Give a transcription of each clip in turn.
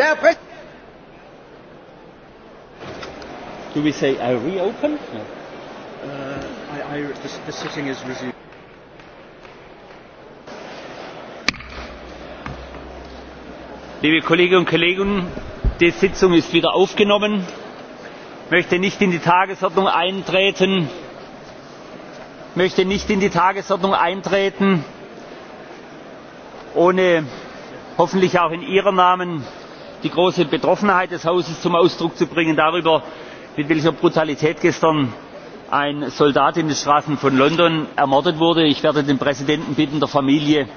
Der Do we say I reopen? No. Uh, I, I, the, the sitting is resumed. Liebe Kolleginnen und Kollegen, die Sitzung ist wieder aufgenommen. Ich möchte nicht in die Tagesordnung eintreten. Ich möchte nicht in die Tagesordnung eintreten, ohne hoffentlich auch in Ihrem Namen die große betroffenheit des hauses zum ausdruck zu bringen darüber mit welcher brutalität gestern ein soldat in den straßen von london ermordet wurde. ich werde den präsidenten bitten der familie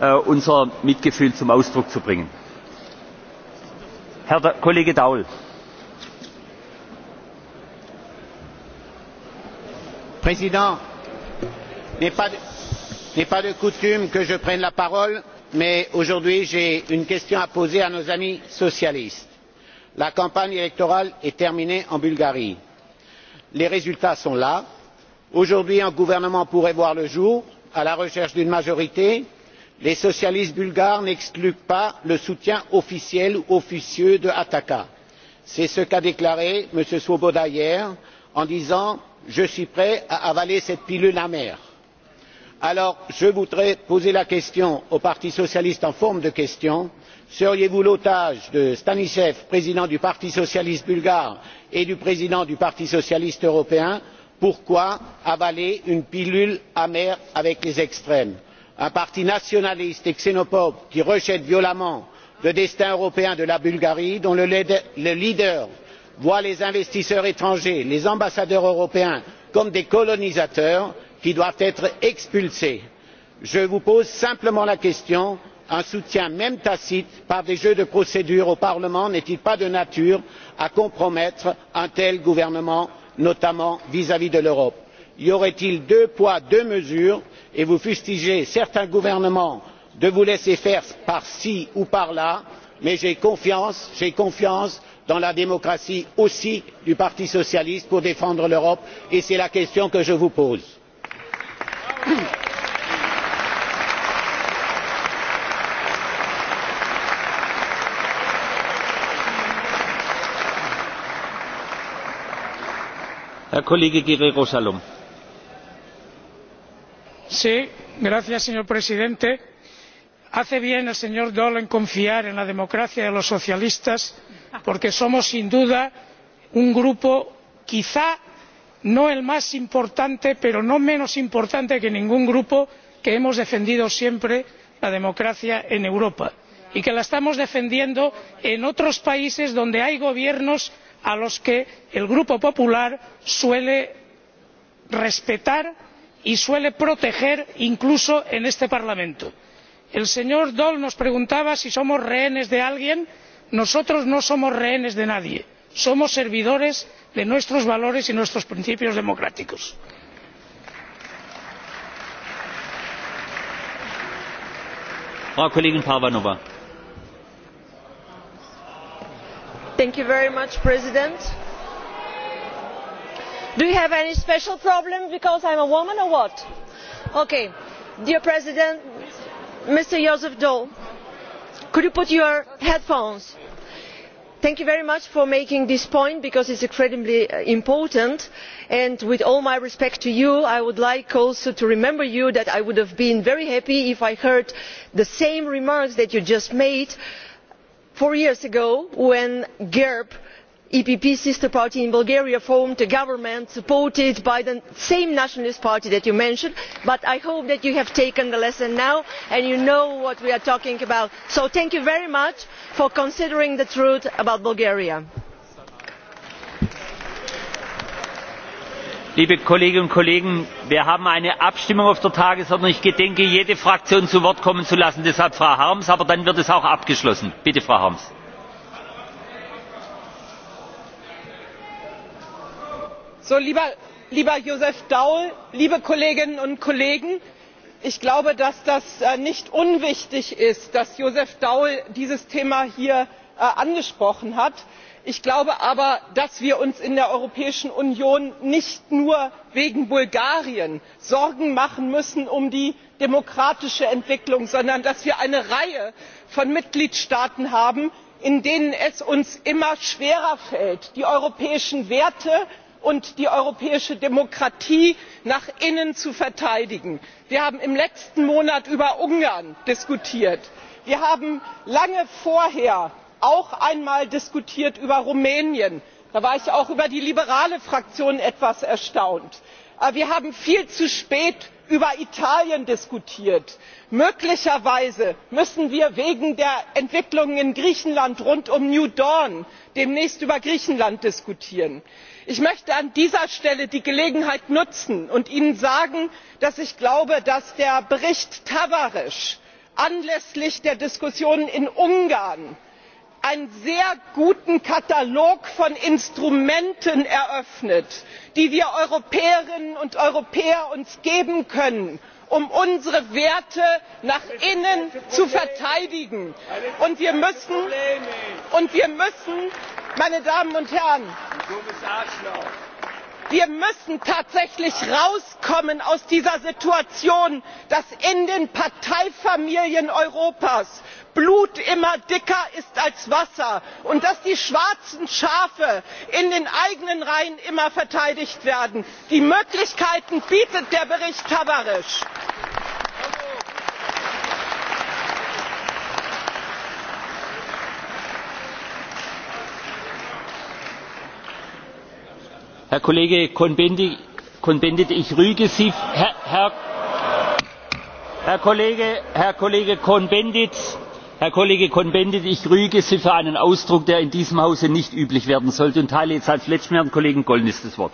äh, unser mitgefühl zum ausdruck zu bringen. herr kollege daul! herr präsident! il n'est pas de coutume que je prenne la parole mais aujourd'hui j'ai une question à poser à nos amis socialistes. la campagne électorale est terminée en bulgarie. les résultats sont là. aujourd'hui un gouvernement pourrait voir le jour à la recherche d'une majorité. les socialistes bulgares n'excluent pas le soutien officiel ou officieux de l'Ataka. c'est ce qu'a déclaré m. swoboda hier en disant je suis prêt à avaler cette pilule amère alors je voudrais poser la question au parti socialiste en forme de question seriez vous l'otage de stanishev président du parti socialiste bulgare et du président du parti socialiste européen? pourquoi avaler une pilule amère avec les extrêmes? un parti nationaliste et xénophobe qui rejette violemment le destin européen de la bulgarie dont le leader voit les investisseurs étrangers les ambassadeurs européens comme des colonisateurs qui doivent être expulsés. je vous pose simplement la question un soutien même tacite par des jeux de procédure au parlement n'est il pas de nature à compromettre un tel gouvernement notamment vis à vis de l'europe? y aurait il deux poids deux mesures et vous fustigez certains gouvernements de vous laisser faire par ci ou par là mais j'ai confiance dans la démocratie aussi du parti socialiste pour défendre l'europe et c'est la question que je vous pose. señor presidente hace bien el señor daul en confiar en la democracia de los socialistas porque somos sin duda un grupo quizá no el más importante pero no menos importante que ningún grupo que hemos defendido siempre la democracia en europa y que la estamos defendiendo en otros países donde hay gobiernos a los que el grupo popular suele respetar y suele proteger incluso en este parlamento. el señor daul nos preguntaba si somos rehenes de alguien. nosotros no somos rehenes de nadie somos servidores de nuestros valores y nuestros principios democráticos. Ah, mr president do you have any special problem because i am a woman or what? Okay. dear president mr joseph daul could you put your headphones on? thank you very much for making this point because it is incredibly uh, important and with all my respect to you i would like also to remember you that i would have been very happy if i had heard the same remarks that you just made four years ago when GERP epp sister party in bulgaria formed a government supported by the same nationalist party that you mentioned but i hope that you have taken the lesson now and you know what we are talking about so thank you very much for considering the truth about bulgaria. liebe kolleginnen und kollegen! wir haben eine abstimmung auf der tagesordnung. ich gedenke jede fraktion zu wort kommen zu lassen deshalb frau harms aber dann wird es auch abgeschlossen. bitte frau harms. lieber josef daul liebe kolleginnen und kollegen ich glaube dass es äh, nicht unwichtig ist dass josef daul dieses thema hier äh, angesprochen hat. ich glaube aber dass wir uns in der europäischen union nicht nur wegen bulgarien sorgen machen müssen um die demokratische entwicklung sondern dass wir eine reihe von mitgliedstaaten haben in denen es uns immer schwerer fällt die europäischen werte und die europäische demokratie nach innen zu verteidigen. wir haben im letzten monat über ungarn diskutiert wir haben lange vorher auch einmal über rumänien diskutiert da war ich auch über die liberale fraktion etwas erstaunt wir haben viel zu spät über italien diskutiert. möglicherweise müssen wir wegen der entwicklungen in griechenland rund um new dawn demnächst über griechenland diskutieren. ich möchte an dieser stelle die gelegenheit nutzen und ihnen sagen dass ich glaube dass der bericht tavares anlässlich der diskussionen in ungarn einen sehr guten katalog von instrumenten eröffnet die wir europäerinnen und europäer uns geben können um unsere werte nach innen zu verteidigen. und wir müssen meine damen und herren wir müssen tatsächlich herauskommen aus dieser situation dass in den parteifamilien europas blut immer dicker ist als wasser und dass die schwarzen schafe in den eigenen reihen immer verteidigt werden. die möglichkeiten bietet der bericht tavares. herr kollege cohn bendit ich rüge sie herr, kollege, herr kollege herr kollege cohn bendit ich rüge sie für einen ausdruck der in diesem hause nicht üblich werden sollte und teile jetzt als letztem herrn kollegen gollnisch das wort.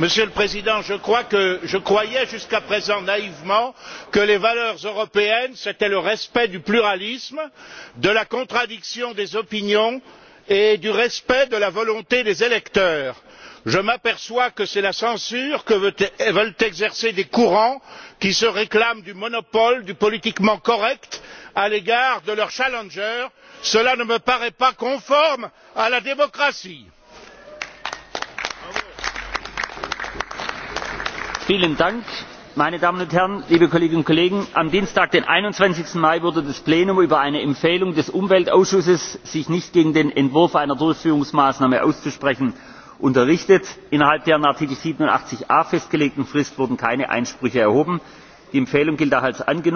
monsieur le président je que je croyais jusqu'à présent naïvement que les valeurs européennes c'était le respect du pluralisme de la contradiction des opinions et du respect de la volonté des électeurs. je m'aperçois que c'est la censure que e, veulent exercer des courants qui se réclament du monopole du politiquement correct à l'égard de leurs challengers. cela ne me paraît pas conforme à la démocratie. Vielen meine Damen und Herren, liebe Kolleginnen und Kollegen. Am Dienstag, den 21. Mai, wurde das Plenum über eine Empfehlung des Umweltausschusses, sich nicht gegen den Entwurf einer Durchführungsmaßnahme auszusprechen, unterrichtet. Innerhalb der in Artikel 87a festgelegten Frist wurden keine Einsprüche erhoben. Die Empfehlung gilt als angenommen.